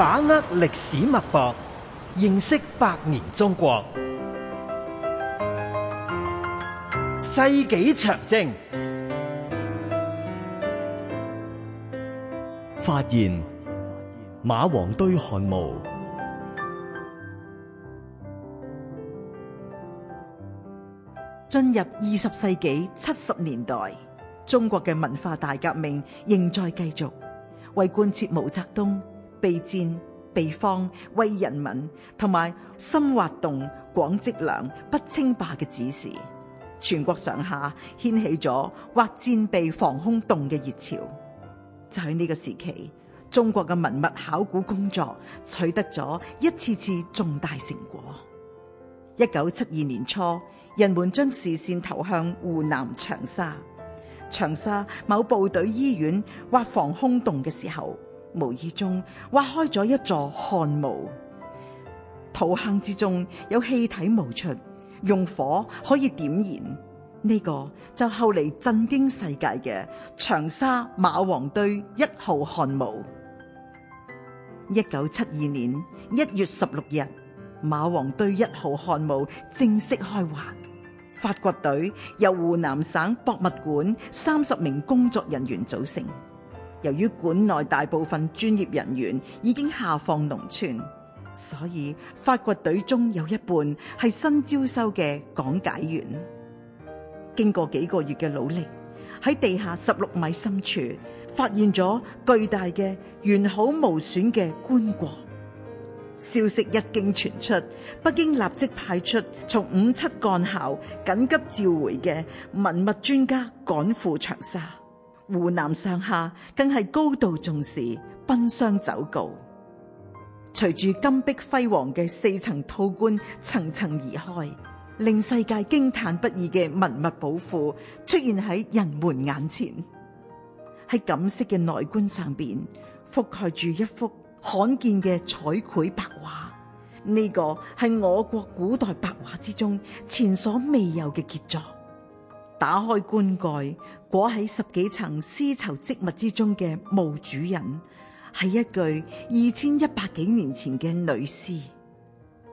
把握歷史脈搏，認識百年中國。世紀長征，發現馬王堆漢墓。進入二十世紀七十年代，中國嘅文化大革命仍在繼續，為貫徹毛澤東，備戰備荒為人民，同埋深挖洞、廣積糧、不稱霸嘅指示，全國上下掀起咗挖戰備防空洞嘅熱潮。就喺呢個時期，中國嘅文物考古工作取得咗一次次重大成果。一九七二年初，人們將視線投向湖南長沙。長沙某部隊醫院挖防空洞嘅時候。無意中挖開咗一座漢墓，土坑之中有氣體冒出，用火可以點燃。呢、這個就後嚟震驚世界嘅長沙馬王堆一號漢墓。一九七二年一月十六日，馬王堆一號漢墓正式開挖，發掘隊由湖南省博物館三十名工作人員組成。由於館內大部分專業人員已經下放農村，所以發掘隊中有一半係新招收嘅講解員。經過幾個月嘅努力，喺地下十六米深處發現咗巨大嘅完好無損嘅棺槨。消息一經傳出，北京立即派出從五七幹校緊急召回嘅文物專家趕赴長沙。湖南上下更係高度重視，奔相走告。隨住金碧輝煌嘅四層套棺層層移開，令世界驚嘆不已嘅文物寶庫出現喺人們眼前。喺錦色嘅內棺上邊，覆蓋住一幅罕見嘅彩繪帛畫。呢個係我國古代帛畫之中前所未有嘅傑作。打開棺蓋，裹喺十幾層絲綢織物之中嘅墓主人，係一具二千一百幾年前嘅女屍。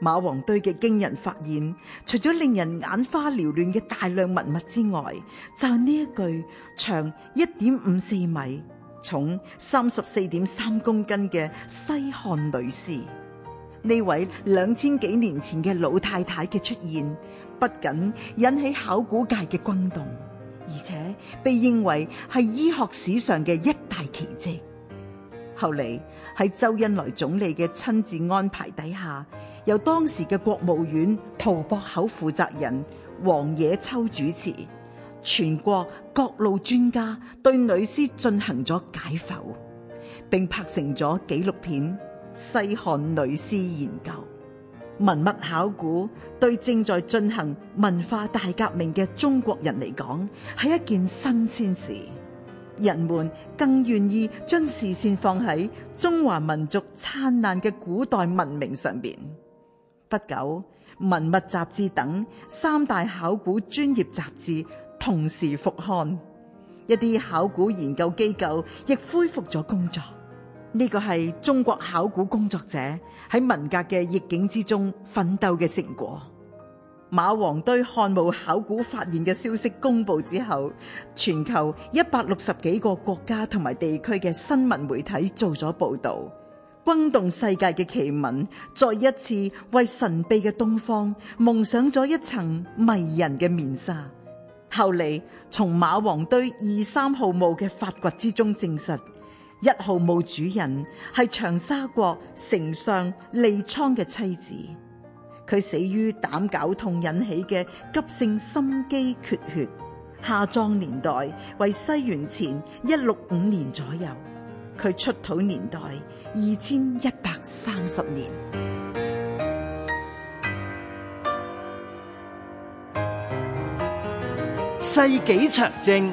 馬王堆嘅驚人發現，除咗令人眼花繚亂嘅大量文物之外，就係呢一具長一點五四米、重三十四點三公斤嘅西漢女屍。呢位兩千幾年前嘅老太太嘅出現，不僅引起考古界嘅轟動，而且被認為係醫學史上嘅一大奇蹟。後嚟喺周恩來總理嘅親自安排底下，由當時嘅國務院圖博口負責人黃野秋主持，全國各路專家對女屍進行咗解剖，並拍成咗紀錄片。西漢女屍研究、文物考古，對正在進行文化大革命嘅中國人嚟講，係一件新鮮事。人們更願意將視線放喺中華民族燦爛嘅古代文明上邊。不久，文物雜誌等三大考古專業雜誌同時復刊，一啲考古研究機構亦恢復咗工作。呢個係中國考古工作者喺文革嘅逆境之中奮鬥嘅成果。馬王堆漢墓考古發現嘅消息公布之後，全球一百六十幾個國家同埋地區嘅新聞媒體做咗報道，轟動世界嘅奇聞，再一次為神秘嘅東方蒙上咗一層迷人嘅面紗。後嚟，從馬王堆二三號墓嘅發掘之中證實。一號墓主人係長沙國丞相利蒼嘅妻子，佢死於膽絞痛引起嘅急性心肌缺血。下葬年代為西元前一六五年左右，佢出土年代二千一百三十年，世紀長征